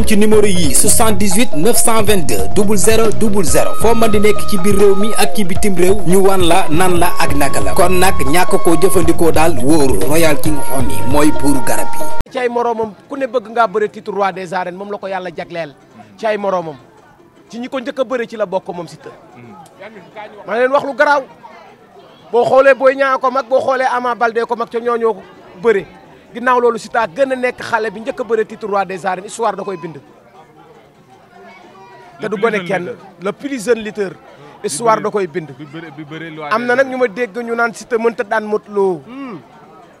moom ci numéro yii 78 922 00 00 foo mën di nekk ci biir réew mi ak ci bitim réew ñu wan la nan la ak naka la kon nag ñàkk koo jëfandikoo daal wóoru Royal King Honey mooy buuru garab yi. ci moroomam ku ne bëgg nga bëre titre roi des arènes moom la ko yàlla jagleel ci ay moroomam ci ñi ko njëkk a bëre ci la bokk moom Siteu. ma leen wax lu garaaw boo xoolee Boy Niang ko mag boo xoolee Ama Baldé ko mag ca ñooñoo bëre. ginnaaw loolu Siteu gën a nekk xale bi njëkk a bëre titre roi des arènes histoire da koy bind. te du gone kenn le plus jeune lutteur. Hmm. histoire da koy bind. am na nag ñu ma dégg ñu naan Siteu mënta daan Modou loo hmm.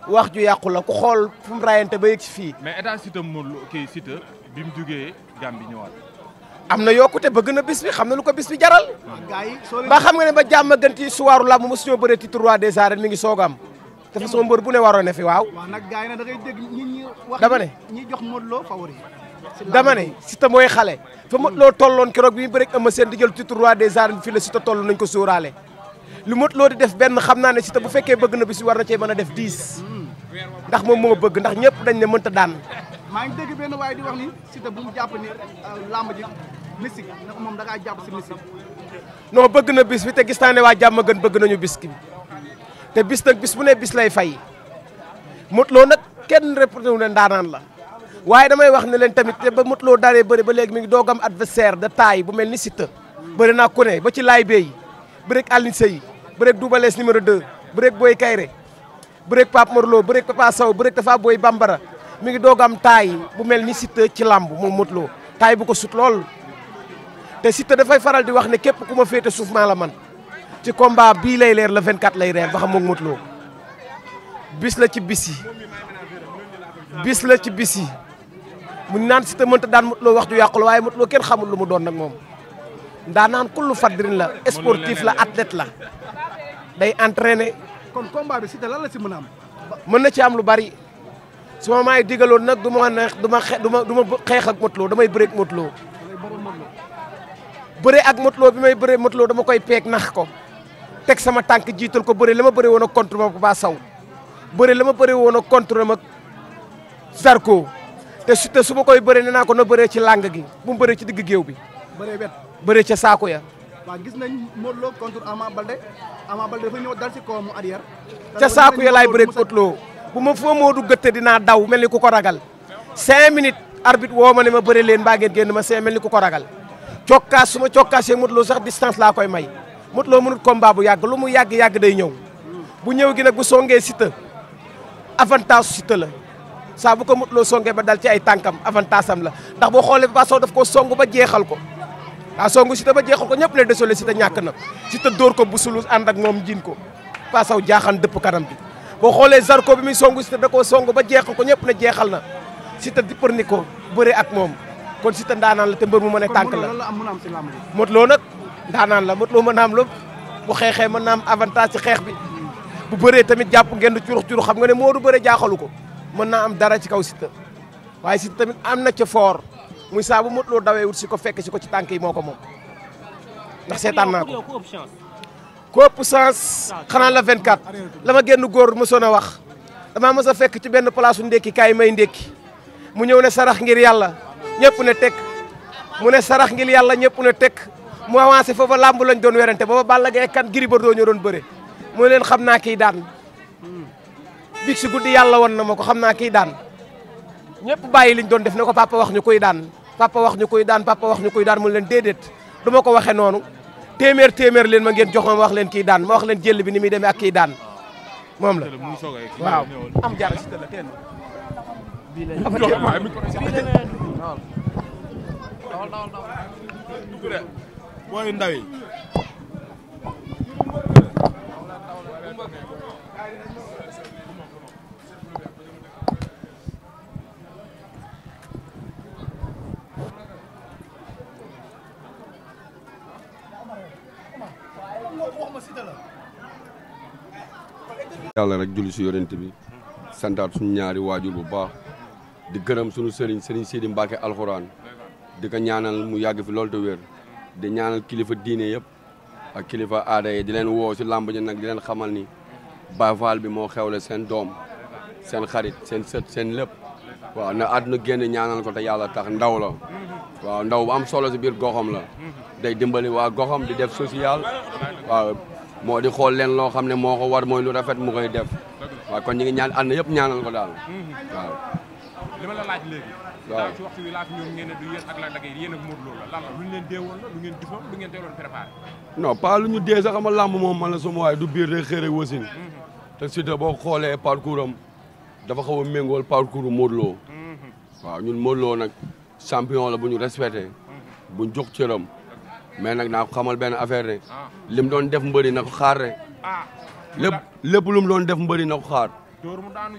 wax ju yàqu la ku xool fu mu raayante ba yegg fii. mais état Siteu Modou Lo kii Siteu bi mu jugee Gambie ñëwaat. am na yokkute bëgg na bis bi xam na lu ko bis bi jaral. Hmm. ba xam nga ne ba jàmm gën ci suwaaru làmb mosu ñoo bëree titre roi des arènes mi ngi soog am. dafa sama mbër bu ne waroon na fi waaw. waaw nag gars yi nag da ñi wax dama ne ñi jox Modou Lo favori. dama ne Siteu mooy xale. fa Modou Lo hmm. tolloon keroog bi ñu bëri am seen di jël titre roi des arènes fii la Siteu toll nañ ko sóoraale. lu Modou loo di def benn xam naa ne Siteu bu fekkee bëgg na bis war na cee mën a def dix. Hmm. ndax moom moo bëgg ndax ñëpp dañ ne mënta daan. maa ngi dégg benn waaye di wax ni Siteu bu mu jàpp ni euh, làmb ji mystique ndax moom da jàpp si mystique. bëgg na bis bi te gis naa ne waa jàmm gën bëgg nañu bis bi te bis nag bis bu ne bis lay fay Modou Lo nag kenn représenté wu ne ndaanaan la waaye damay wax ne leen tamit te ba Modou Lo daree bëri ba léegi mi ngi doog am adversaire de taille bu mel ni Siteu bëri naa ku ba ci laay bey bëreeg Alioune Seye bëreeg Double Less numéro 2 bëreeg Boy Kayre bëreeg Pape Mor Lo bëreeg Papa Sow booy Tafa Bambara mi ngi doog am taille bu mel ni Siteu ci làmb moom Modou Lo taille bu ko sut lool te Siteu dafay faral di wax ne képp ku ma féete suuf maa la man ci combat bii lay leer la le quat lay leer ba xam moom Modou Lo bis la ci bis yi bis la ci bis yi mu naan si te daan Modou Lo wax ju yàqu la waaye Modou Lo kenn xamul lu mu doon nag moom ndaa naan kullu fadrin la sportif la athlète la day entraîné. kon combat te lan la si mën a am. mën na ci am lu bari su ma maay digaloon nag du ma neex du ma du ma du ma xeex ak Modou damay bëree ak Modou ak mutloo bi may bëree Modou dama koy peeg nax ko. teg sama tànk jiital ko bëri la ma bëri woon ak contre ma Papa Sow bëri la ma bëri woon ak contre ma Zarko te su te su ma koy bëree nee naa ko na bëree ci làng gi bu mu bëree ci digg géew bi. bëree wet ca saako ya. waaw gis nañ Modou Lo contre Ama Balde Ama Balde dafa ñëw dal saako ya laay bëree Modou bu ma foo Modou gëtte dinaa daw mel ni ku ko ragal. cinq minutes arbitre woo ma ne ma bëri leen mbaa ngeen génn ma cinq mel ni ku ko ragal cokkaas su ma cokkaasee Modou sax distance laa koy may. Modou Lo mënut combat bu yàgg lu mu yàgg-yàgg day ñëw bu ñëw gi nag bu songee sita avantage Siteu la saa bu ko Modou Lo songee ba dal ci ay tànkam avantage am la ndax boo xoolee Papa Sow daf ko song ba jeexal ko daa song Siteu ba jeexal ko ñëpp lay désolé Siteu ñàkk na Siteu dóor ko bu sulus ànd ak moom jiin ko Papa Sow jaaxan dëpp kanam bi boo xoolee Zarko bi muy song Siteu da koo song ba jeexal ko ñëpp na jeexal na Siteu di përni ko bëre ak moom kon sita ndaanaan la te mbër mu mën a tànk la Modou Lo nag ndaanaan la Modou Lo mën naa am bu xeexee mën naa am avantage ci xeex bi bu bëree tamit jàpp ngeen du curux curux xam nga ne moo du bëree jaaxalu ko mën naa am dara ci kaw Siteu waaye Siteu tamit am na ca fort muy saa bu Modou dawee wut si ko fekk si ko ci tànk yi moo ko moom ndax seetaan naa ko ko ëpp chance xanaa la 24 la ma génn góor mosoon soona wax damaa mos a fekk ci benn place su ndékki kaay may ndékki mu ñëw ne sarax ngir yàlla ñëpp ne tekk mu ne sarax ngir yàlla ñëpp ne tekk mu avancé foofa làmb lañ doon werante booba Balla Gaye kan Gris Bordeaux ñoo doon bëre mu leen xam naa kii daan big si guddi yàlla woon na ma ko xam naa kii daan ñëpp bàyyi liñ doon def na ko papa wax ñu koy daan papa wax ñu koy daan papa wax ñu koy daan mu leen déedéet du ma ko waxee noonu téeméer téeméer leen ma ngeen jox ma wax leen kii daan ma wax leen jël bi ni muy demee a kii daan moom la waaw am jaar si la kenn bii booy ndaw rek julli si yorente bi santaat suñu ñaari waajur bu baax di gërëm suñu sëriñ sëriñ Sidi Mbacke alxuraan di ko ñaanal mu yàgg fi loolu te wér di ñaanal kilifa diine yépp ak kilifa aada yi di leen woow si làmb ji nag di leen xamal ni baval bi moo xewle seen doom seen xarit seen sët seen lépp waaw na àdduna génn ñaanal ko te yàlla tax ndaw waaw ndaw am solo si biir goxam la day dimbali waa goxam di def social waaw moo di xool leen loo xam ne moo ko war mooy lu rafet mu koy def waaw kon ñu ngi ñaan ànd yëpp ñaanal ko daal waaw daaw ci waxtu wi ngeen ne du la dagay yéen ak Modou Lo la ñu leen deewoon la ngeen difoon non pas lu ñu dee sax xam nga làmb moom man la soom waay du biir rek xëy rek wasin mhm. te Siteu boo xoolee parcours am dafa xaw a méngool parcours Modou Lo mhm. ñun Modou nag champion la bu ñu respecté mhm. bu ñu jox cëram mais nag naa ko xamal benn affaire ne ah. lim doon def mbëri nag ko xaar rek lépp lépp lu doon def mbëri na ko xaar dóor mu daanu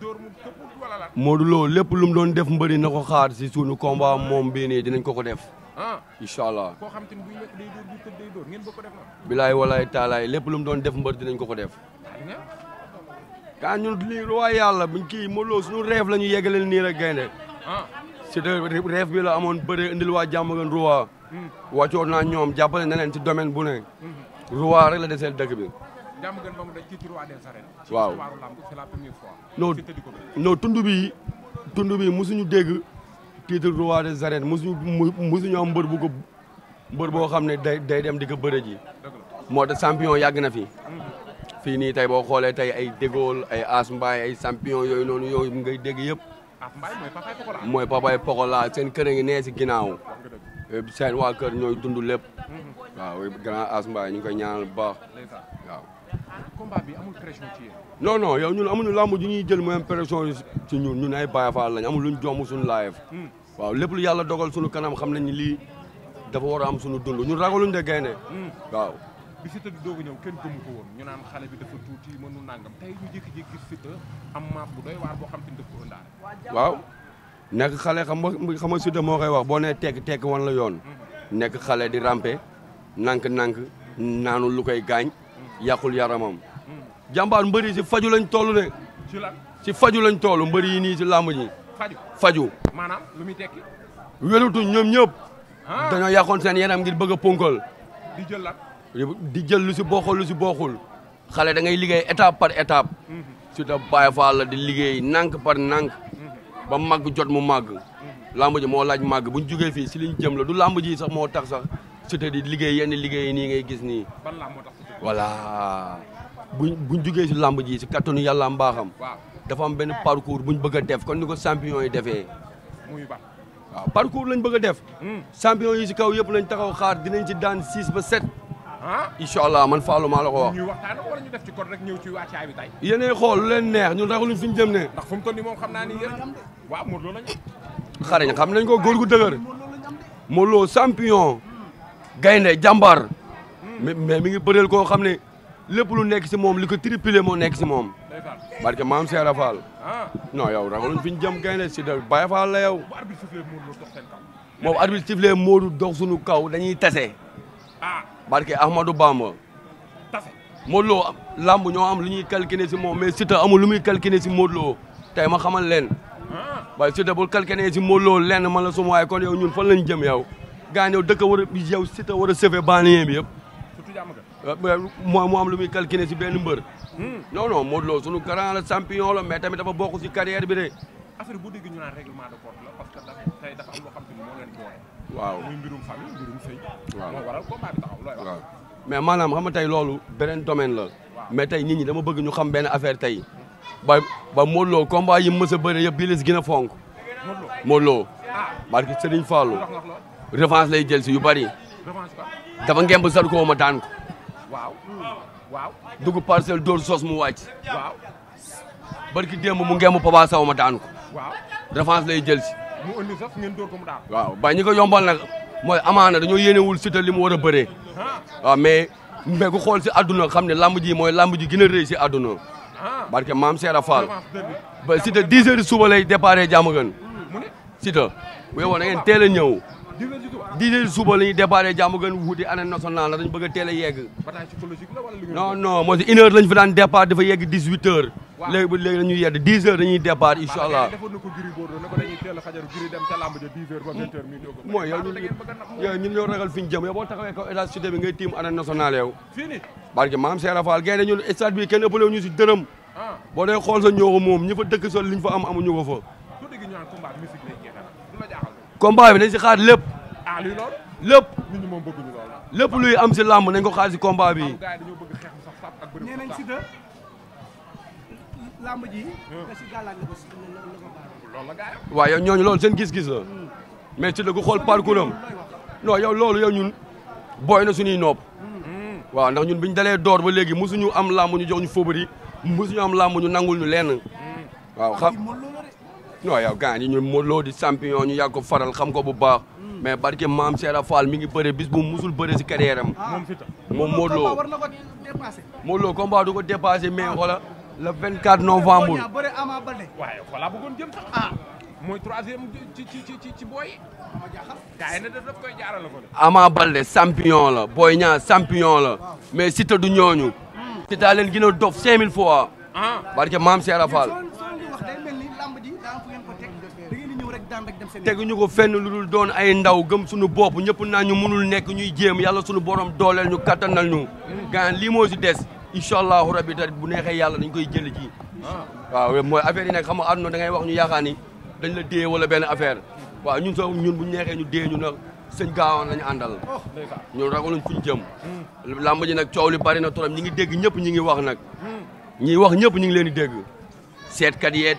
dóor mu këpp lépp lu mu doon def mbëri na ko xaar si suunu combat moom bii nii dinañ ko ko def. ah incha allah. koo xam te def noonu. bilaay walaay taalaay lépp lu mu doon def mbër dinañ ko ko def. kaa ñun lii lu waay yàlla buñ kii Modou Lo suñu reef la ñu yeggaleel nii rek gaynde. ah c'est-à-dire reef bii la amoon bëri indil waa jàmm gan ruwa. Hmm. wàccoon naa ñoom jàppale na leen ci domaine bu ne. Hmm. ruwa rek la deseel dëkk bi. jàmm gën ba mu daj ci roi des arènes. waaw c'est la première fois. non non tund bi tund bi mosuñu dégg titre roi des arènes mosuñu mosuñu am mbër bu ko mbër boo xam ne day day dem di ko bëre moo tax champion yàgg na fi. Hmm. fii nii tey boo xoolee tey ay dégool ay as ay champion yooyu noonu yooyu ngay dégg yëpp. mooy papay Pokola seen kër ngi nee si ginnaaw. Eh, seen waa kër ñooy dund lépp. Hmm. waaw grand as ñu ngi koy ñaanal bu baax waaw. combat bi amul pression ci yéen. non non yow ñun amuñu làmb ji i jël mooy pression ci ñun ñun ay Baye Fall lañ amul luñ jomb suñu laayef. Hmm. waaw lépp lu yàlla dogal suñu kanam xam nañ ni lii dafa war am suñu dund ñun ragaluñ de gaynde hmm. waaw. bi Siteu di doog a ñëw kenn gëmu ko woon ñu naan xale bi dafa tuuti mënu nangam tey ñu jékki-jékki Siteu am maat bu doy waar boo xam te ni daf ko ëndaale. waaw nekk xale xam xam nga Siteu moo koy wax boo ne tekk tekk wan la yoon. Hmm. nekk xale di rampe nank-nank naanu lu koy gaañ. yàqul yaramam. jàmbaar mbëri si faju lañ toll de. si faju lañ toll mbëri yi nii si làmb ji. faju faju. maanaam lu muy tekki. wérutuñ ñoom ñëpp. Ah. dañoo yàqoon seen yaram ngir bëgg a ponkal. di jël la di jël lu si bokkul lu si bokkul. xale da ngay liggéey étape par étape. Mhm. su ta Baye la di liggéey nànk par nànk. Mhm. ba màgg jot mu màgg. Mhm. làmb ji moo laaj màgg bu ñu jugee fii si liñ jëm la du làmb ji sax moo tax sax su te di liggéey yenn liggéey nii ngay gis nii. ban làmb moo tax buñ buñ jugee si làmb ji si kattanu yàlla mbaaxam. dafa am benn ah. parcours buñ def kon ni ko champion yi defee. waaw parcours lañ bëgg def. Hmm. champion yi si kaw yëpp lañ taxaw xaar dinañ ci daan six ba sept. Ah. incha allah man Fallou maa la ko wax. ñu waxtaan wala ñu def ci code rek ñëw ci wàccaay bi tey. yéenay xool lu leen neex ñun ragaluñ fi ñu ne. ndax fu mu toll nii moom xam naa ni yéen waaw ko góor gu dëgër. Modou Lo champion. Hmm. gaynde jàmbaar. Hmm. mais mais mi ngi bëreel koo xam ne. lépp lu nekk si moom li ko triplé moo nekk si moom. barke maam Seera Fall. Ah. non yow ragaluñ fi ñu jëm gaynde si de Baye Fall la yow. moom arbitre sifflé Modou dox suñu kaw dañuy tase. Ah. barke Ahmadou Bamba. Modou Lo lamb ñoo am lu ñuy calculer si moom mais Siteu amul lu muy calculer si Modou Lo tey ma xaman leen. Ah. waaye Siteu bul calculer si Modou Lo lenn man la suma waaye kon yow ñun fan lañ jëm yow. gaañ yow dëkk war a yow Siteu war a sauver banlieue bi yëpp. moo mu am lu muy calculé si benn mbër. Hmm. non non Modou sunu grand la champion la mais tamit dafa bokk si carrière bi de. affaire bu dégg ñu la parce que dafa tey dafa waaw muy mbirum famille mbirum sëy. mais maanaam xam nga tey loolu beneen domaine la. mais tey nit ñi dama bëgg ñu xam benn affaire tey. ba ba Modou Lo combat yi mës a bëri yëpp bii la si gën a fonk. Modou Lo ah. barke Serigne Fallou revanche lay jël si yu bari. dafa ngemb Zarko ma daan waaw waaw dugg parcelle dóor sos mu wàcc. waaw barki démb mu ngeemu Papa Sow ma daanu ko. waaw lay jël si. mu ëndi sax ngeen dóor ko mu waaw ba ñi ko yombal nag mooy amaana dañoo yéenewul si te li mu war a bëree. Ah. waaw mais mais ku xool si àdduna xam ne lamb ji mooy lamb ji gën a rëy si àdduna. Ah. barke maam Seera Fall ba si te 10 heures suba lay déparé jàmm gën si te bu teel a ñëw. dix heures suba la ñuy déparé jàmm gën wuti année nationale la dañ bëgg a teel a yegg. non non moo si une heure lañ fi daan départ yegg dix huit heures. léegi yedd dix heures dañuy départ incha allah. mooy yow ah, ñun ragal fi ñu jëm boo taxawee kaw état cité bi ngay tiim année nationale yow. barke maam Seera Fall gaynde ñu si dërëm. Ah. boo dee xool sa ñoo moom ñi fa dëkk sol liñ fa am amuñu ko fa. combat bi nañ si xaar lépp. ah luy lépp nit ñi moom bëgguñu loolu. lépp luy am si làmb nañ ko xaar si combat bi. nee nañ si de làmb ji. Hmm. waaw yow ñooñu loolu seen gis-gis la. Hmm. mais si de ku xool parcours am. non yow loolu yow ñun booy na suñuy nopp. Hmm. waaw ndax ñun bi ñu dalee door ba léegi mosuñu am làmb ñu jox ñu fóobari mosuñu am làmb ñu nangul ñu leen waaw non yow gars yi ñu di champion ñu yàgg ko faral xam ko bu baax. Hmm. mais barke maam Seera Fall mi ngi bëre bis bu musul bëre si carrière am. Ah. moom Modou Lo Modou Lo combat du ko dépassé mais xoola ah. le 24 novembre. waaye xoola bëggoon jëm sax ah. mooy troisième ci ci ci ci booy. gars yi daf la Boy Niang la mais Siteu du ñooñu. Hmm. Siteu leen gën a dof fois. Ah. barke maam Seera Fall. teguñu ko fenn lu dul doon ay ndaw gëm suñu bopp ñëpp naa ñu mënul nekk ñuy jéem yàlla suñu borom dooleel ñu kattanal ñu. gaan lii moo si des incha allahu rabi tamit bu neexee yàlla dañ koy jël ji. waaw mooy affaire yi nag xam nga àdduna da ngay wax ñu yaakaar ni dañ la dee wala benn affaire waaw ñun sax ñun bu ñu neexee ñu dee ñu nag sëñ gaawaan lañu àndal ñun ragaluñ fuñ jëm làmb ji nag coow li bari na torop ñi ngi dégg ñëpp ñi ngi wax nag ñi wax ñëpp ñi ngi leen di seet seetkat yeet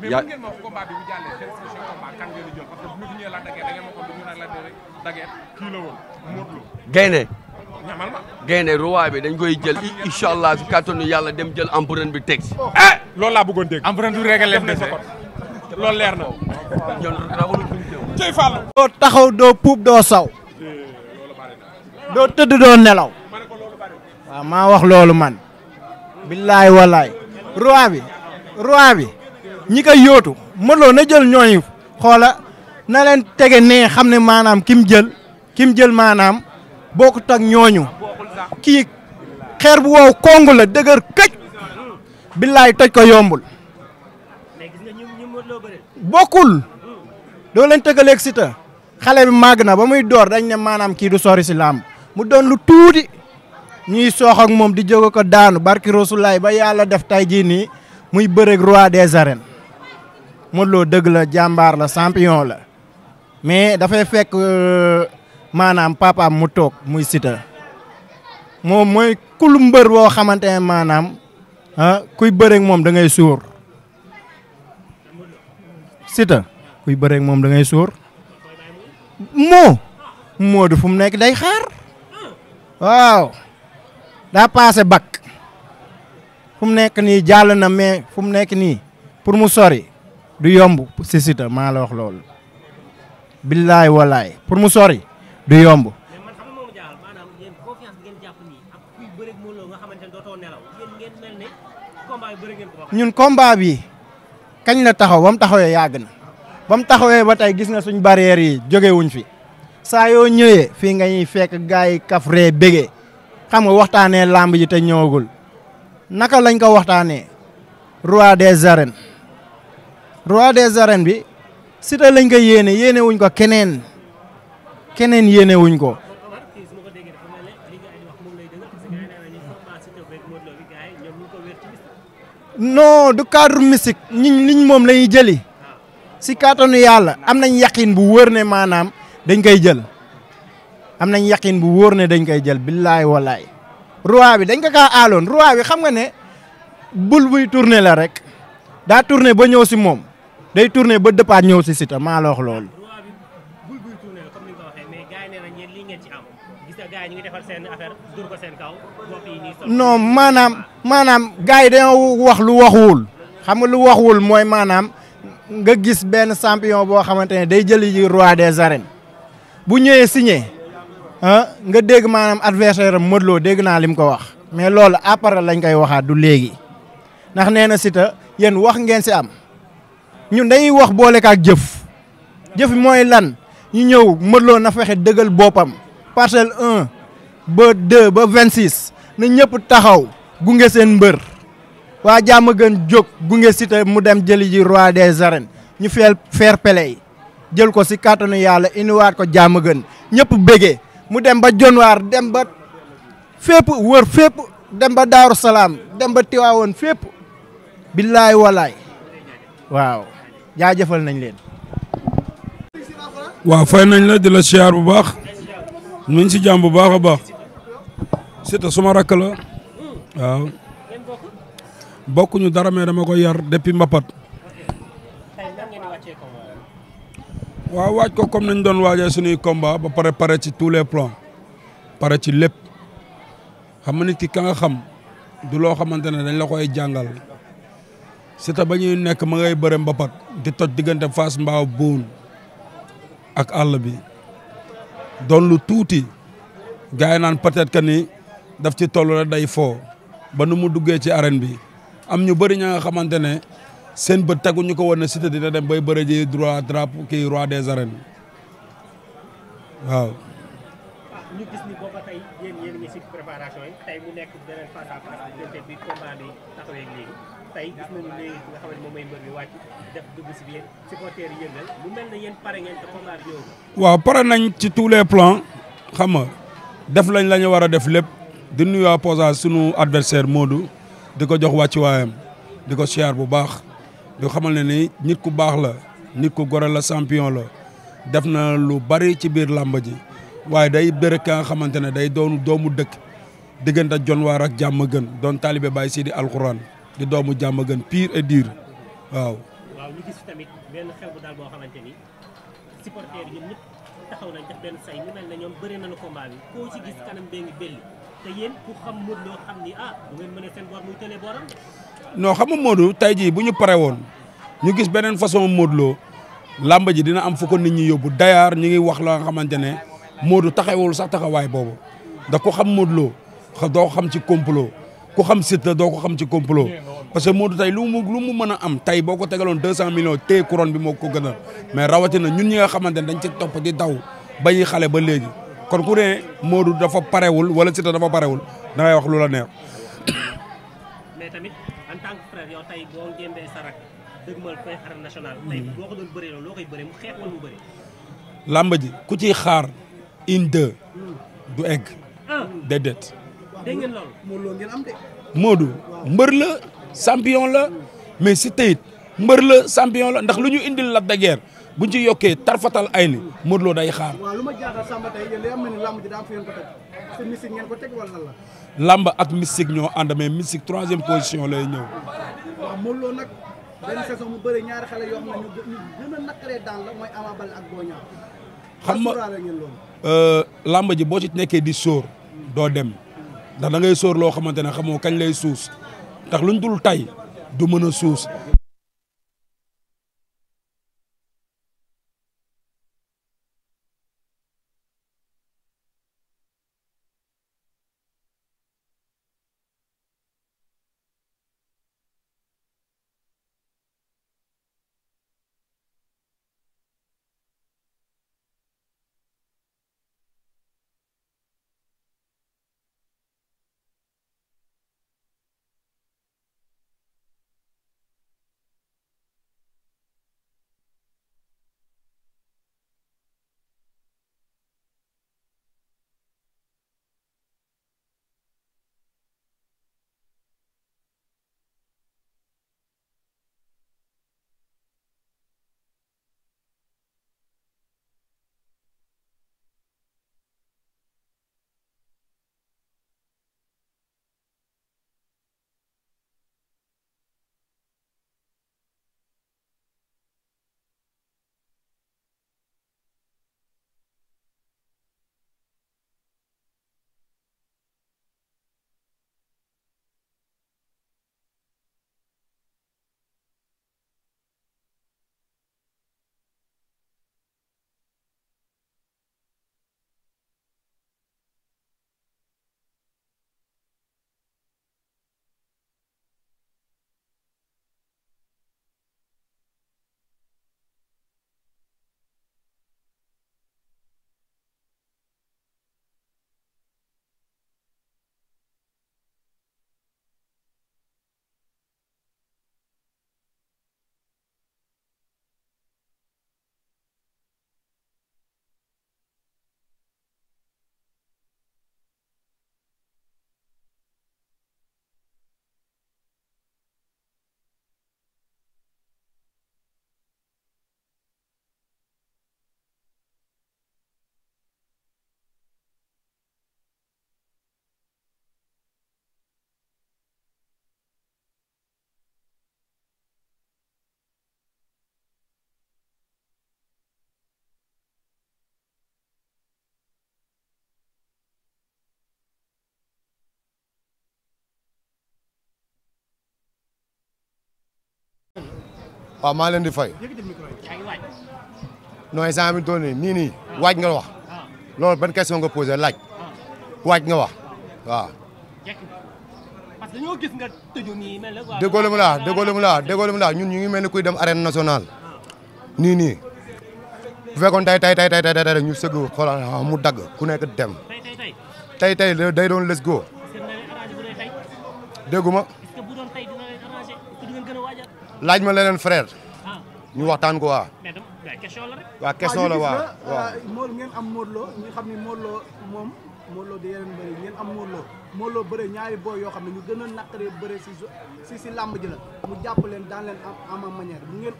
mais bu gaynde ñamal ma gaynde bi dañ koy jël incha allah si yàlla dem jël empreinte bi teg si oh. eh loolu laa bëggoon leer na ñoon rawalu doo taxaw doo puub doo saw doo tëdd doo nelaw waaw wax loolu man billaay walaay roi bi ñi koy yóotu mënoo na jël ñooñu xoola na leen tege nee xam ne maanaam kim jël kim jël maanaam bokkut ak ñooñu kii xeer bu wow kongu la dëgër këj billaay toj ko yombul bokkul doo leen tëggaleeg si ta xale bi màgg na ba muy door dañ ne maanaam kii du sori si làmb mu doon lu tuuti ñuy soox ak moom di jóge ko daanu barki Rasulaay ba yàlla def tay jii nii muy bëreeg roi des arènes Modou Lo dëgg la jàmbaar la champion la mais dafay fekk euh, maanaam papaam mu toog muy sita moom mooy kul mbër boo xamante ne maanaam ah kuy bëreeg moom da ngay suur Siteu kuy bëreeg moom da ngay suur moo moo du fu mu nekk day xaar waaw daa paase bakk fu mu nekk nii jàll na mais fu mu nekk nii pour mu sori du yomb si Siteu maa la wax loolu. billaay walaay pour mu sori du yomb. ñun combat bi kañ la taxaw ba taxawee yàgg na ba mu taxawee ba tey gis nga suñ barrières yi jógewuñ fi saa yoo ñëwee fii nga ñuy fekk gars yi kafree bégee xam nga waxtaanee làmb ji te ñëwagul naka lañ ko waxtaanee roi des arènes roi des arènes bi Siteu lañ ko yéene yéene wuñ ko keneen keneen yéene wuñ ko. non du cadre mystique ñiñ moom la jëli si kàttanu yàlla am nañ yaqin bu wóor ne maanaam dañ koy jël am nañ yaqin bu wóor ne dañ koy jël billaay walaay roi bi dañ ko kaa aaloon roi bi xam nga ne bul buy tourner la rek daa tourner ba ñëw si moom day tourné ba dëppaat ñëw si Siteu maa la wax loolu. maanaam maanaam gars yi dañoo wax lu waxuwul xam nga lu waxuwul mooy maanaam nga gis benn champion boo xamante ne day jëli ji roi des arènes bu ñëwee signé ah nga dégg maanaam adversaire am Modou Lo dégg naa lim ko wax mais loolu après lañ koy waxaat du léegi ndax nee na Siteu yéen wax ngeen si am. ñun dañuy wax boole kaak jëf jëf mooy lan ñu ñëw mëtloo na fexe dëggal boppam parcelle un ba deux ba vingt six na ñëpp taxaw gunge seen mbër waa jàmm gën jóg gunge Siteu mu dem jëli ji roi des arènes ñu feel fair jël ko si kàttanu yàlla indiwaat ko jàmm gën ñëpp bëgge mu dem ba jonwaar dem ba fépp wër fépp dem ba daaru salaam dem ba tiwaawoon fépp billaay walaay waaw jaajëfal nañ leen. waaw fay nañ la di la siyaar bu baax ñu ngi si jàmm bu baax a baax Siteu suma rakk la waaw bokkuñu dara mais dama ko yar depuis Mbapat. waaw waaj ko comme nañ doon waajee suñuy combat ba pare pare ci tous les plans pare ci lépp xam nga nit ki ka nga xam du loo xamante ne dañ la koy jàngal. Siteu ba ñuy nekk ma ngay bëre mbapat di toj diggante fas Mbao Boun ak àll bi doon lu tuuti gars yi naan peut-être que ni daf ci toll rek day foo ba nu mu duggee ci arène bi am ñu bëri ña nga xamante ne seen bët tegu ñu ko woon ne Siteu dina dem bay bëre ji droit drapeau ki roi des arènes waaw. combat pare waaw pare nañ ci tous les plans xam nga def lañ lañu ñu war a def lépp di nuyuwaat Posa sunu adversaire moodu di ko jox wàccuwaayam di ko siyaar bu baax di xamal ne ni nit ku baax la nit ku gore la champion la def na lu bari ci biir làmb ji waaye day bëre ka nga xamante ne day doonu doomu dëkk. diggante Jonwaar ak jàmm gën doon taalibe Baye Sidi alxuraan di doomu jàmm gën pire et dire waaw. ñu gis xamante ni supporters xam ah, Modou tey jii bu ñu pare woon ñu gis beneen façon Modou Lo làmb ji dina am fu ko nit ñi yóbbu dayaar ñu ngi wax la nga xamante ne moodu taxawul sax taxawaay boobu da ko xam Modou doo xam ci complot ku xam Siteu doo ko xam ci complot parce que Modou tey lu mu lu mu mën a am tey boo ko tegaloon deux cent millions téye couronne bi moo ko gënal mais rawatina ñun ñi nga xamante ne dañ ci topp di daw ba ñuy xale ba léegi kon ku ne Modou dafa parewul wala Siteu dafa parewul da ngay wax lu la neex. mais tamit en tant làmb mm-hmm. ji ku ci xaar une deux mm. du egg déedéet. dégg ngeen loolu mbër la champion la mais si teyit mbër la champion la ndax lu ñu indil Lac de Guiers buñ ci yokkee tarfatal ay ni Modou day xaar. lamb ak mystique ñoo ànd mais mystique troisième position lay ñëw. waaw Modou la mooy Ama ak Boy Niang. xam nga lamb euh, ji boo ci nekkee di sóor doo dem. ndax da ngay sóor loo xamante ne xamoo kañ lay suus ndax luñ dul tay du mën a suus waaw maa leen di fay. non instant bi toll nii nii waaj nga wax loolu ban question nga posé laaj waaj nga wax waaw. parce que dañoo gis nga tëju nii mel ne. ñun ñu ngi mel ni kuy dem arène national nii nii bu fekoon tey tey tey tey tey tey ñu sëgg xoolal ah, mu dagg ku nekk dem. tey tey day doon let's go. dégguma laaj ma leneen frère. Ah. ñu waxtaan ko waa. waaw question la waaw waaw euh, mool ngeen am Modou ñu xam ne Modou Lo moom Modou Lo di yeneen bëri ngeen am Modou Lo Modou Lo ñaari booy yoo xam ne ñu gën a naqaree si si làmb ji la mu jàpp leen daan leen am ama manière bu ngeen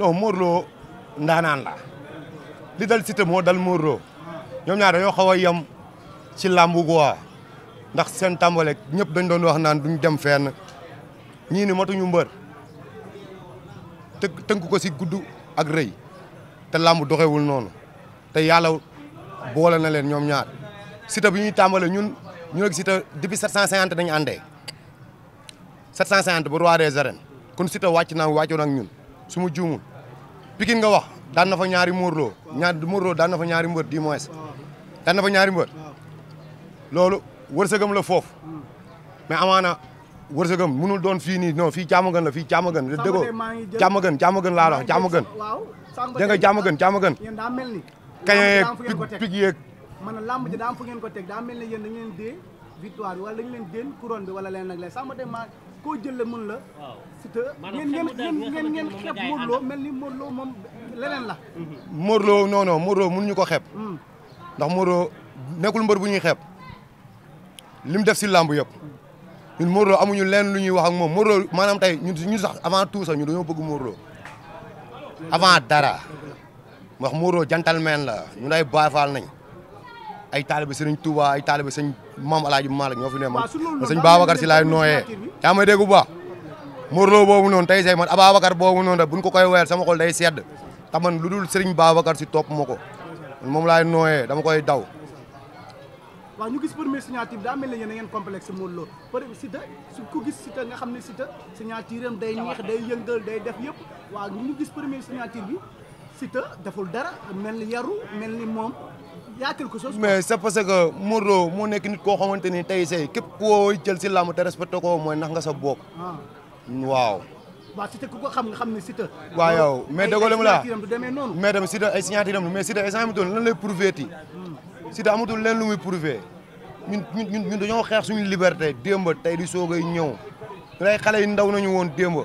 ah, la li dal Siteu moo dal Modou ah. ñoom ñaar yoo xaw a yem làmb gu waa ndax seen tàmbale ñëpp dañ doon wax naan duñ dem fenn ñii ni matuñu mbër të tënk ko si gudd ak rëy te làmb doxewul noonu te yàlla boole na leen ñoom ñaar Siteu bi ñuy tàmbale ñun ñu ak Siteu depuis 750 dañu àndee 750 ba roi des arènes kon Siteu wàcc naa wàccoon nag ñun su mu juumul Pikine nga wax daan na fa ñaari móorloo ñaar móorloo daan na fa ñaari mbër du moins daan na fa ñaari mbër loolu wërsëgam la foofu hmm. mais amaana wërsëgam mënul doon fii nii non fii caama gën la fii caama gën. déggoo caama gën caama gën laa wax caama gën. dégg nga caama gën caama gën. kañ yeeg pig pig yeeg. man lamb ji daa am fu ngeen ko teg daa mel ni yéen dañu leen dee victoire bi wala dañu leen dénk couronne bi wala leen nag la sàmm de ma koo jël la mën la. waaw ngeen ngeen ngeen ngeen xeeb Modou Lo mel ni Modou Lo moom leneen la. Modou Lo non non Modou Lo mënuñu ko xeeb. Hmm. ndax Modou Lo nekkul mbër bu ñuy xeeb li mu def si làmb yëpp ñun Modou Lo amuñu leen lu ñuy wax ak moom Modou Lo maanaam tey ñun ñun sax avant tout sax ñu dañoo bëgg Modou Lo avant dara wax Modou Lo gentleman la ñun ay Baay Faal nañ ay taalibe sëriñ Touba ay taalibe sëñ Maam Alaaji Maalik ñoo fi ne man sëñ Babacar si laay nooyee yaa may dégg bu baax Modou Lo boobu noonu tey say man Ababacar boobu noonu da buñ ko koy wéyal sama xol day sedd te man lu dul sëriñ Babacar si topp ma ko moom laay nooyee dama koy daw waaw ñu gis première signature bi daa mel ne yéen a ngeen complexe Modou Lo par gis Siteu nga xam ne Siteu signature day neex day yëngal day def yëpp waaw ñu gis première signature bi Siteu deful dara mel ni yaru mel ni moom yaa quelque chose mais c'est parce que moo nekk nit koo xamante ni tey say képp koo jël si làmb te respecté ko mooy nax nga sa bopp ah. waaw waaw Siteu ko xam nga xam ne Siteu waaw yow mais dégg nga la mais tamit Siteu ay signature am mais Siteu Siteu amatul leen lu muy prouver ñun ñun ñun dañoo xeex suñu liberté démb tey di soogay ñëw lay xale yi ndaw nañu woon démb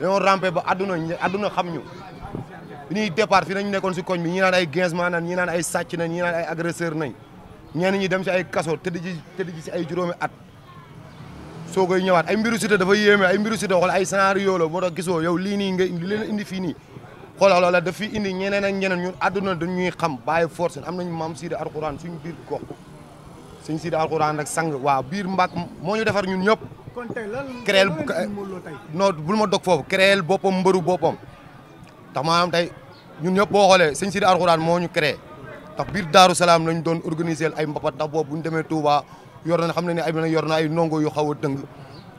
dañoo ramper ba àdduna àdduna xam ñu bi ñuy départ fii nañu nekkoon si koñ bi ñu naan ay guincement nañ ñi naan ay sàcc nañ ñu naan ay agresseur nañ ñeen ñi dem si ay kaso tëdd ji tëdd ji si ay juróomi at soo koy ñëwaat ay mbiru Siteu dafa yéeme ay mbiru Siteu xool ay scénario yoolo moo tax gisoo yow lii nii nga leen indi fii nii xoolal loola daf fi indi ñeneen ak ñeneen ñun àdduna dañuy xam bàyyi force am nañu maam Sidi Alxuraan suñu biir gox suñ Sidi Alxuraan rek sang waaw biir mbàkk moo ñu defar ñun ñëpp. kon tey lan bul ma dog foofu créel boppam mbaru boppam tax maanaam tey ñun ñëpp boo xoolee suñ Sidi Alxuraan moo ñu créé ndax biir Daaru Salaam lañ doon organiser ay mbapat ndax boobu bu ñu demee Touba yor na xam ne ne ay na yor na ay ndongo yu xaw a dëng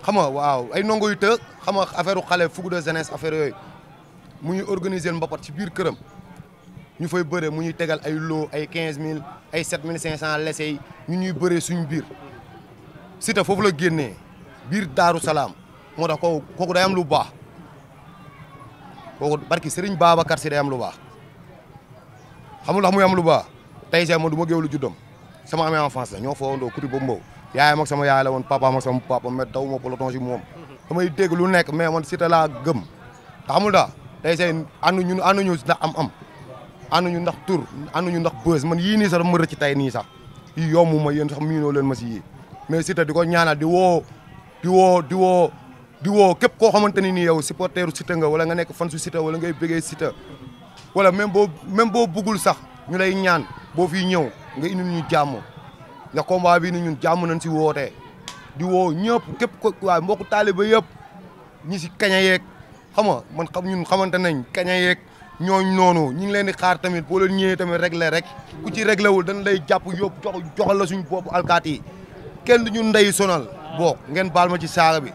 xam nga waaw ay ndongo yu të xam nga affaire xale fugu de jeunesse affaire yooyu mu ñuy organiser mbapat ci biir këram ñu fay bëre mu ñu tegal ay loo ay quinze mille ay sept mille cinq cent lese ñu ñuy bëree suñu biir Siteu foofu la génne biir Daaru Salaam moo tax ko kooku day am lu baax kooku sëriñ Serigne Babacar si day am lu baax xamul tax muy am lu baax tey jii ma du ma géewlu juddam sama amee enfance la ñoo foogandoo kuti boobu mbow yaayam ak sama yaay la woon papaam ak sama papa mais daw ma peloton si moom damay dégg lu nekk mais man Siteu laa gëm te xamul tey say ànd ñun ànd ñu ndax am-am ànd ñu ndax tur ànd ñu ndax bës man yii nii sax dama rëcc tey nii sax yii yomb ma yéen sax miinoo leen ma si yii mais Siteu di ko ñaanal di woo di woo di woo di woo képp koo xamante ni nii yow supporteru Siteu nga wala nga nekk fan su Siteu wala ngay bëggee Siteu wala même boo même boo bëggul sax ñu lay ñaan boo fiy ñëw nga indil ñu jàmm nga combat bi ni ñun jàmm nañ si wootee di woo ñëpp képp ko waaye mbokku ba yëpp ñi si kañ a yeeg xam nga man xam ñun xamante nañ kaña yeeg ñooñ noonu ñu ngi leen di xaar tamit boo leen ñëwee tamit regle rek ku ci réglé wul dañ lay jàpp yóbbu joxal la suñu boobu alkaati kenn du ñu ndey sonal boo ngeen baal ma ci saaga bi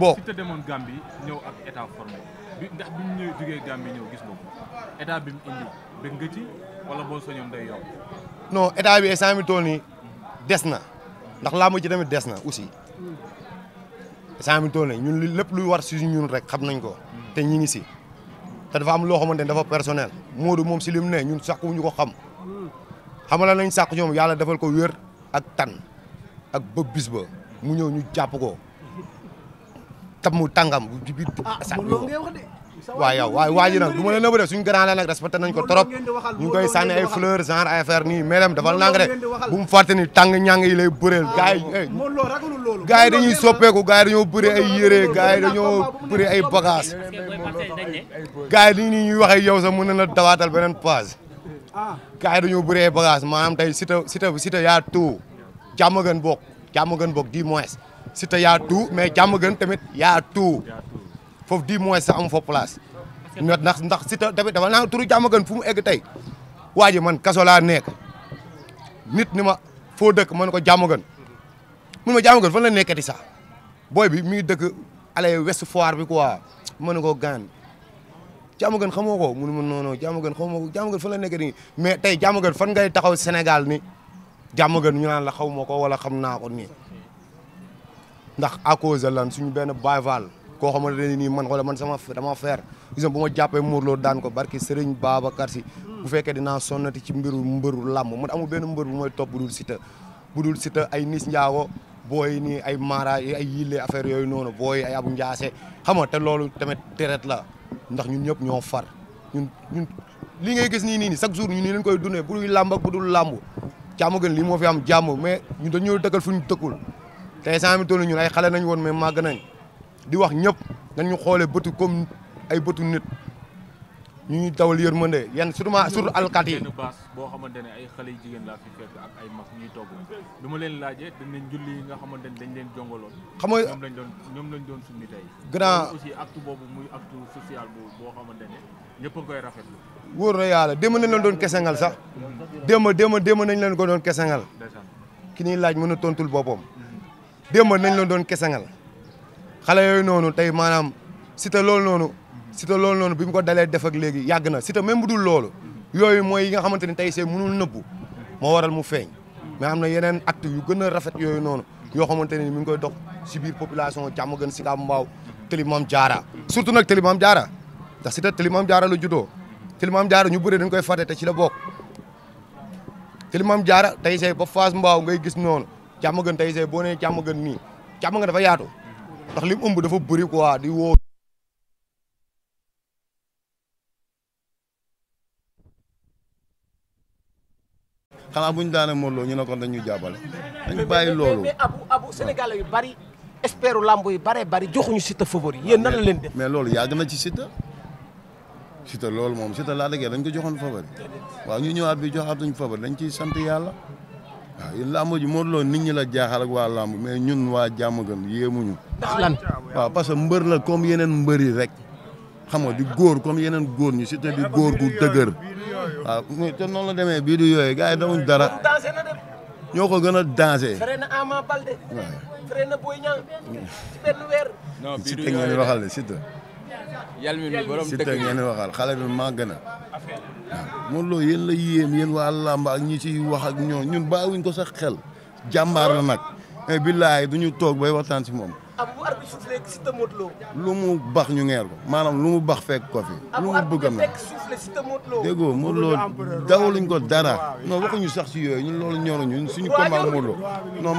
boo si te demoon Gambie ñëw ak état formé bi ndax bi ñu ñëwee jugee Gambie ñëw gis nga ko bi mu indi bëgg nga ci wala boo soñoon day yomb non état bi instant bi toll des na ndax laa ma ci tamit des na aussi sant mi toll ñun li lépp luy war si ñun rek xam nañ ko te ñi ngi si te dafa am loo xamante ne dafa personnel Modou moom si lim ne ñun sàkkuwuñu ko xam la nañ sàkk ñoom yàlla defal ko wér ak tan ak ba bis ba mu ñëw ñu jàpp ko tam mu tàngam bu bi ah loolu ngay waaw yow waaw waa ji nag du ma la nëbb de suñu grand la nag respecté nañ ko trop ñu ngi koy sànni ay fleur genre ay affaire nii mais dem dafal nang de bu mu fàtte ni tàng ñàng yi lay bëreel ah, gars yi gars yi dañuy soppeeku gars yi dañoo bëri ay yére gars yi dañoo bëri ay bagage gars yi nii ñuy waxee yow sax mën na la dawaatal beneen page ah. gars yi dañoo bëri ay bagage maanaam tey Siteu Siteu Siteu yaa tout jàmm gën bokk jàmm gën bokk di moins Siteu yaa tout mais jàmm gën tamit yaa tuu foofu du moins sax amu fa place ñot ndax ndax Siteu tamit dafa naa turu jàmm fu mu egg tey waa ji man kasola laa nekk nit ni ma foo dëkk man ko jàmm gën mun ma jàmm fan la nekkati sax booy bi mi ngi dëkk allé west foire bi quoi mën na koo gaan jàmm gën xamoo ko munu ma non non jàmm gën xamoo ko jàmm gën fan la nekkati mais tey jàmm fan ngay taxaw senegal ni jàmm gën ñu naan la xaw ma ko wala xam naa ko nii ndax à lan suñu benn bayval koo xamante ne nii man wala man sama dama feer gis nga jàppee muurloo daan ko barki Serigne Babacar Sy bu fekkee dinaa sonnati ci mbiru mbëru làmb man amul benn mbër bu may topp bu dul Siteu bu dul Siteu ay Nis Ndiago booy nii ay Mara ay yille yooyu noonu booy ay Abu xam nga te loolu tamit deret la ndax ñun ñëpp ñoo far ñun ñun li ngay gis nii nii chaque jour ñu nii lañ koy dundee bu dul làmb ak bu dul làmb jàmm gën lii moo fi am jàmm mais ñun dañoo dëkkal fu ñu dëkkul te instant mi ñun ay xale nañ woon mais màgg nañ di wax ñëpp nañu xoolee bëtu comme ay bëtu nit ñu ñuy dawal yërmande yenn surtout surtout alkaati yi. boo xamante ne ay xale yu jigéen laa fi fekk ak ay mag ñuy togg leen laajee dañ leen julli yi nga xamante ne dañ leen jongaloon. xam nga ñoom lañ doon ñoom lañ doon suñu tey. grand aussi boobu muy acte social bu boo xamante ne ñëpp a koy rafet wóor na yàlla démb nañ leen doon kesengal sax mhm. démb démb démb nañ leen ko doon kesengal ki ñuy laaj mën a tontul boppam démb nañ leen doon kesengal. xale yooyu noonu tey maanaam sita loolu noonu Siteu loolu noonu bi mu ko dalee def ak léegi yàgg na Siteu même bu dul loolu yooyu mooy yi nga xamante ni tey see mënul nëbbu moo waral mu feeñ mais am na yeneen acte yu gën a rafet yooyu noonu yoo xamante ni mi ngi koy dox si biir population jàmm gën si kaam mbaaw Télimam jaara surtout nag Télimam jaara ndax Siteu Télimam Diarra la juddoo Télimam Diarra ñu bëri dañ koy fàtte te ci la bokk Télimam Diarra tey see ba Fass mbaaw ngay gis noonu jàmm gën tey see boo nee jàmm gën nii jàmm nga dafa yaatu ndax li mu ëmb dafa bëri quoi di woo. xanaa bu ñu daanee moo Lo ñu ne kon dañuy jàppale. dañu bàyyi loolu mais abu yu bari. espère lamb yu baree bari joxuñu Siteu favori yéen nan la leen de mais loolu yàgg na ci Siteu. Siteu loolu moom Siteu laa déggee dañ ko joxoon favori. waaw ñu ñëwaat bi joxaatuñ favori dañ ciy sant yàlla. waaw làmb ji Modou Lo nit ñi la jaaxal ak waa làmb mais ñun waa jàmm gën yéemuñu. ndax lan waaw parce que mbër la comme yeneen mbër yi rek xam nga di góor comme yeneen góor ñu surtout di góor gu dëgër waaw te noonu la demee bii du yooyu gars yi damuñ dara ñoo ko gën a dansé. fere na Ama Baldé. waaw fere na Boy Niang. ci si yalmin bi borom dëkk bi ngeen waxal xale bi maa gën a. moom loolu yéen la ñi ciy wax ak ñoo ñun bàyyiwuñ ko sax xel. jàmbaar la nag. mais eh, billaay ñu toog bay waxtaan si moom. lu mu bax ñu ngeer ko maanaam lu mu bax fekk ko fi. lu mu bëgg ko dara. non sax si yooyu ñun loolu ñoruñu suñu combat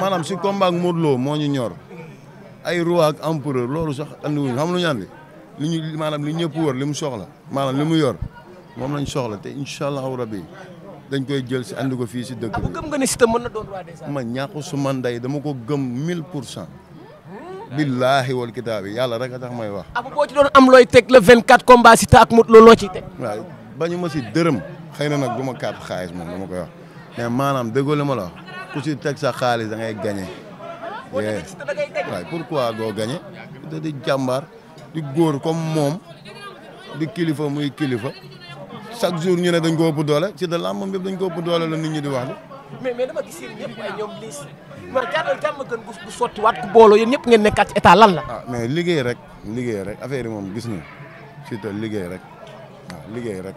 maanaam si combat ak Modou Lo moo ñu ñor. ay roi ak loolu sax andiwuñu xam lu ñu li ñu maanaam li ñëpp wër li mu soxla maanaam li mu yor moom lañ soxla te incha allahu rabi dañ koy jël si andi ko fii si dëkk bi. gëm nga ni Siteu mën na doon roi des arènes. ma ñàkk su man day dama ko gëm 1000 pour cent. billaahi wal kitaabi yàlla rek a tax may wax. abu boo doon am looy teg le 24 combat Siteu ak Modou Lo loo ciy teg. waaw bañu ma si dërëm xëy na nag du ma kàtt xaalis moom dama koy wax maanaam déggoo ma la ku si teg sa xaalis da ngay gagné. waaw pourquoi doo gagné da di jàmbaar. di góor comme moom di kilifa muy kilifa chaque jour ñu ne dañ ko ëpp doole ci de lamb moom yëpp dañ ko ëpp doole la ni ñu di wax. mais mais dama gis yéen ñëpp ay ñoom liis booloo yéen ñëpp ngeen nekkaat ci lan ah, mais liggéey rek liggéey rek affaire yi gis nañu ci liggéey rek liggéey rek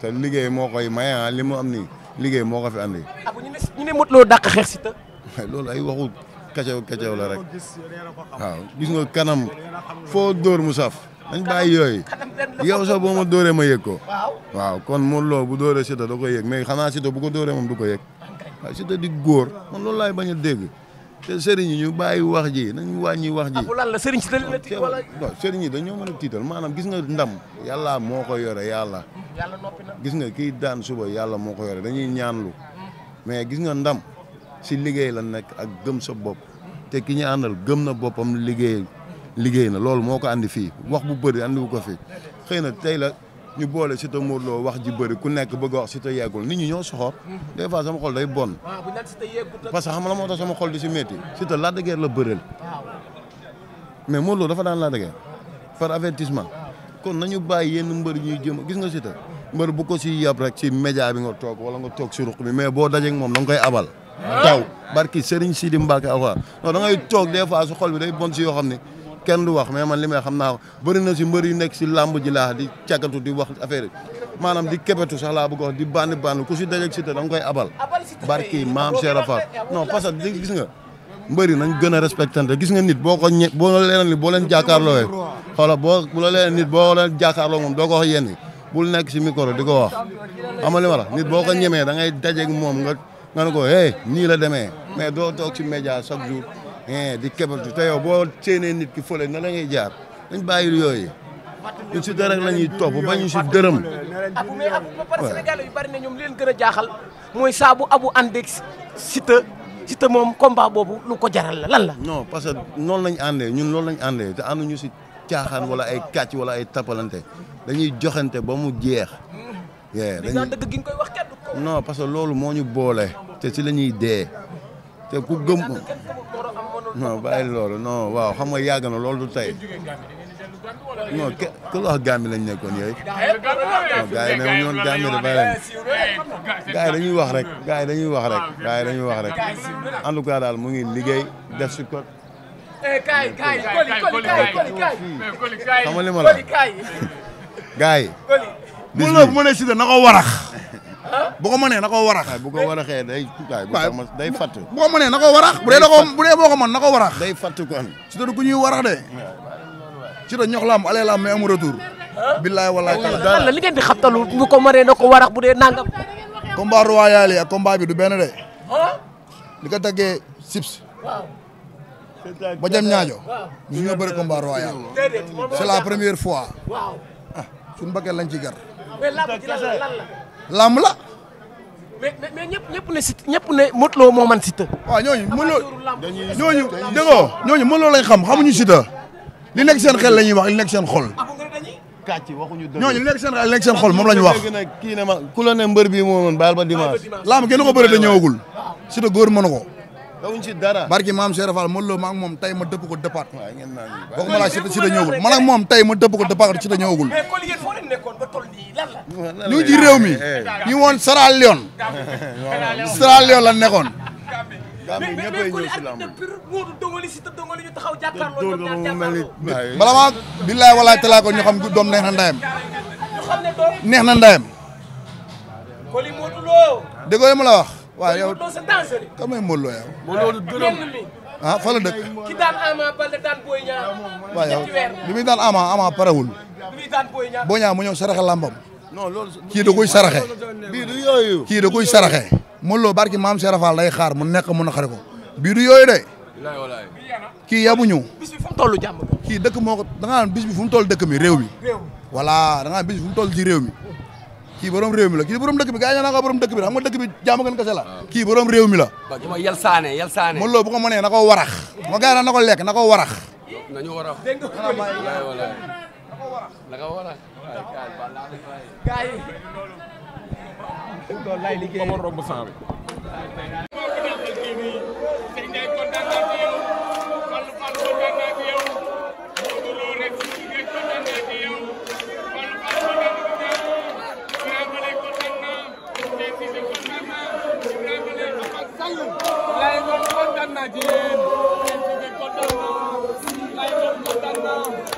te liggéey moo koy maye ah li mu am ni liggéey moo ko fi andi. ah ñu ne ñu ne Modou xeex si te. loolu ay waxu kacaw kacaw la rek waaw gis nga kanam foo dóor mu saf dañ bàyyi yooyu yow sax boo ma dóoree ma yëg ko waaw kon Modou Lo bu dóoree Siteu da koy yëg mais xanaa Siteu bu ko dóoree moom du ko yëg waaw góor man loolu bañ a dégg te yi ñu bàyyi wax ji nañu wàññi wax ji. lan la sëriñ si dañ la tiital wala. non sëriñ yi dañoo mën a tiital maanaam gis nga ndam yàlla moo ko yore yàlla. na gis nga kii daan suba yàlla moo ko yore dañuy ñaanlu mais gis nga ndam si liggéey la nekk ak gëm sa bopp te ki ñu àndal gëm na boppam liggéey liggéey na loolu moo ko andi fii wax bu bëri andiwu ko fi xëy na tey la ñu boole Siteu Modou loo wax ji bëri ku nekk bëgg a wax Siteu yeggul nit ñi ñoo soxor des fois sama xol day bon ah, parce que xam la moo tax sama xol di si métti Siteu Lac de Guiers la bëreel mais Modou Lo dafa daan Lac de Guiers par avertissement kon nañu bàyyi yenn mbër ñu jëm gis nga Siteu mbër bu ko si yab rek si média bi nga toog wala nga toog si ruq bi mais boo dajeeg moom da nga koy abal taw barki Serigne Sidi Mbacke Awa non da ngay toog des fois bi day bon si yoo xam ne kenn du wax mais man li may xam naa ko bëri na si mbër yu nekk si làmb ji laa di wax affaire yi maanaam di kebetu sax laa bëgg wax di bandi bandi ku si dajeeg si te da nga koy abal barki maam Cheikh Fall non parce que gis nga mbëri nañ gën a respectante gis nga nit boo ko ñe boo leen boo leen jàkkaarlooee xoola boo bu la boo leen jàkkaarloo moom doo ko wax bul nekk si micro di ko wax xam nga li ma la nit boo ko ñemee da ngay dajeeg moom nga nga ne ko hey nii la demee mais doo toog ci média chaque jour eh, di kebatu te yow boo séenee nit ki fële na la ngay jaar dañ bàyyil yooyu ñu si dara la ñuy topp ba ñu si dërëm. abu mais abu ba pare yu bari na ñoom li leen jaaxal mooy saabu abu àndeeg sita Siteu moom combat boobu lu ko jaral la lan la. non parce que noonu lañ àndee ñun lañ àndee te ànduñu si caaxaan wala ay kàcc wala ay tapalante dañuy joxante ba mu jeex. dañuy dëgg parce que loolu moo ñu boole. te ci la ñuy dee. te ku gëm. non bàyyi loolu non waaw xam nga yàgg na loolu du tey. ke ku la wax Gambie lañ nekkoon yooyu. non gars yi ne ñoon Gambie de bàyyi lañ. gars yi dañuy wax rek. gars yi dañuy wax rek. gars yi wax rek. en daal mu ngi liggéey def si ko. kaay kaay koli koli bu la bu mënee Siteu na ko warax. bu ko mënee na ko warax. bu ko waraxee day day fatt. bu ko mënee na ko warax bu dee da ko bu dee boo ko mën na ko warax. day fatt kon. Siteu du ku ñuy warax de. Siteu ñox la am alee la am mais amul retour. billaay walaay kala dara la li ngeen di xabtalu bu ko mënee na ko warax bu dee nangam. combat royal yi ak combat bi du benn de. li ko taggee sips. ba jam ñaajo. ñu ñoo bëri combat royal. c'est la première fois. ah suñu mbokk lañ ci gar. mais làmb ji lan la lan la. làmb la. mais mais ñëpp ñëpp ne Siteu ñëpp ne Modou Lo moo man Siteu. waaw ñooñu mënoo ñooñu déggoo mënoo lañ xam xamuñu Siteu li nekk seen xel la ñuy wax li nekk seen xol. Ah, kàcc waxuñu dëgg ñooñu li nekk seen xel li nekk seen xol moom la ñu wax. kii ne ma ku la ne mbër bii moo mën baal ba dimanche. làmb ko bëre da ñëwagul. Siteu góor mënu ko. dawuñ ci dara barki maam Cheikh Fall Modou Lo ma ak moom tay ma dëpp ko départ. waaw ngeen naan waxuma laa Siteu Siteu moom ma dëpp ko départ Siteu ñëwagul. ñu ngi ci réew mi ñu woon la nekkoon bala neex na ndayam. neex na ma la wax. waaw yow kan mooy Modou Lo yow. Modou Lo gërëm ah fa la dëkk. ki daan Ama Baldé daan Boy Niang. waaw yow Ama Ama parewul. li muy daan Boy Niang. mu kii da koy saraxe bii du yooyu kii da koy saraxe Modou Lo barki maam Cheikh Fall lay xaar mu nekk mu naqari ko bii du yooyu de kii yabuñu kii dëkk moo ko da nga naan bis bi fu mu toll dëkk mi réew mi voilà da nga naan bis bi fu mu toll ci réew mi kii borom réew mi la kii borom dëkk bi gars yi naka borom dëkk bi xam nga dëkk bi jaamu gën kese la kii borom réew mi la yal saane yal saane Modou Lo bu ko mënee na ko warax ma gars yi na ko lekk na ko warax la ko war a. gars yi. loolu lay liggéey ba mu romb sang bi. Nadine, Nadine Cotana, Nadine Cotana.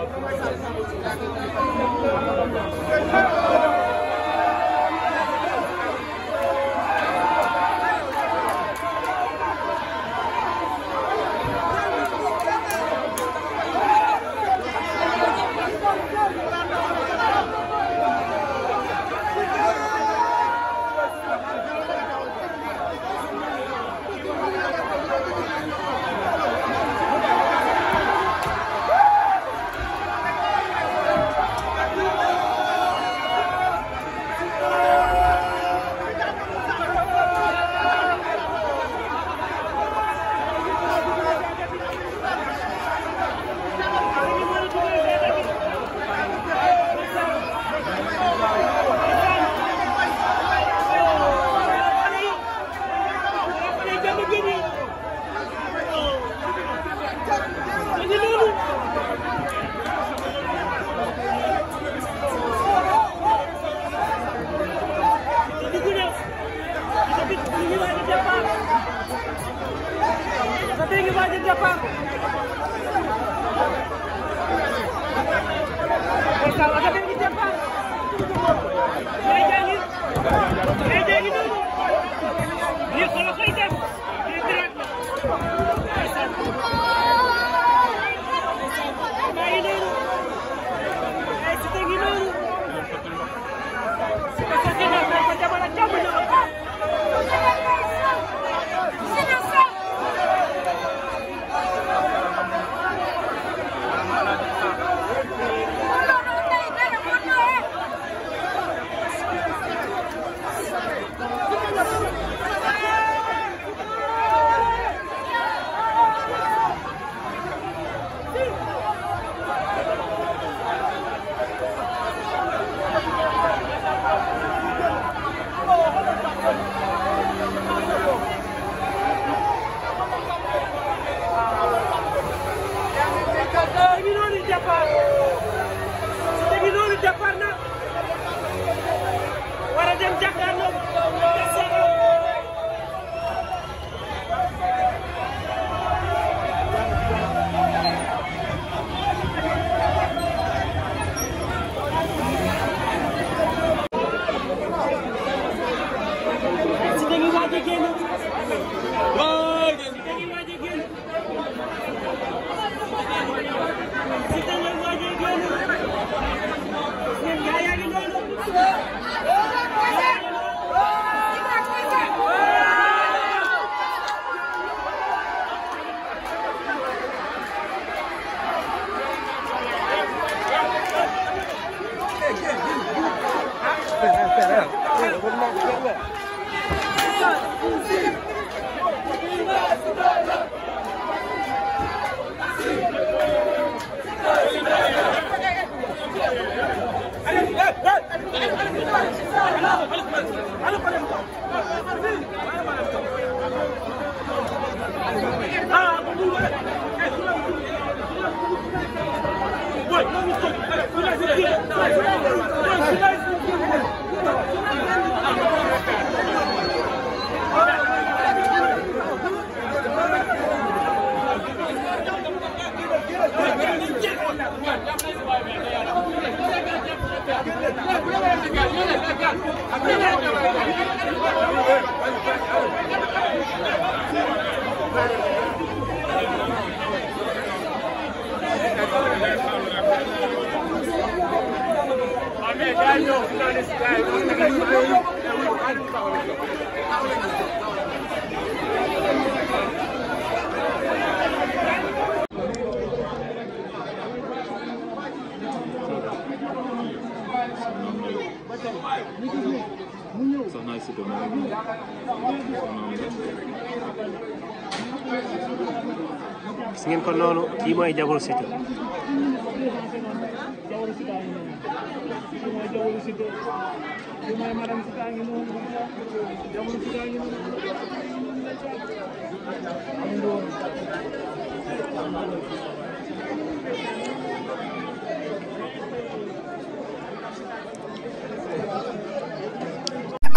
gis ngeen ko noonu kii mooy Jagoru Siteu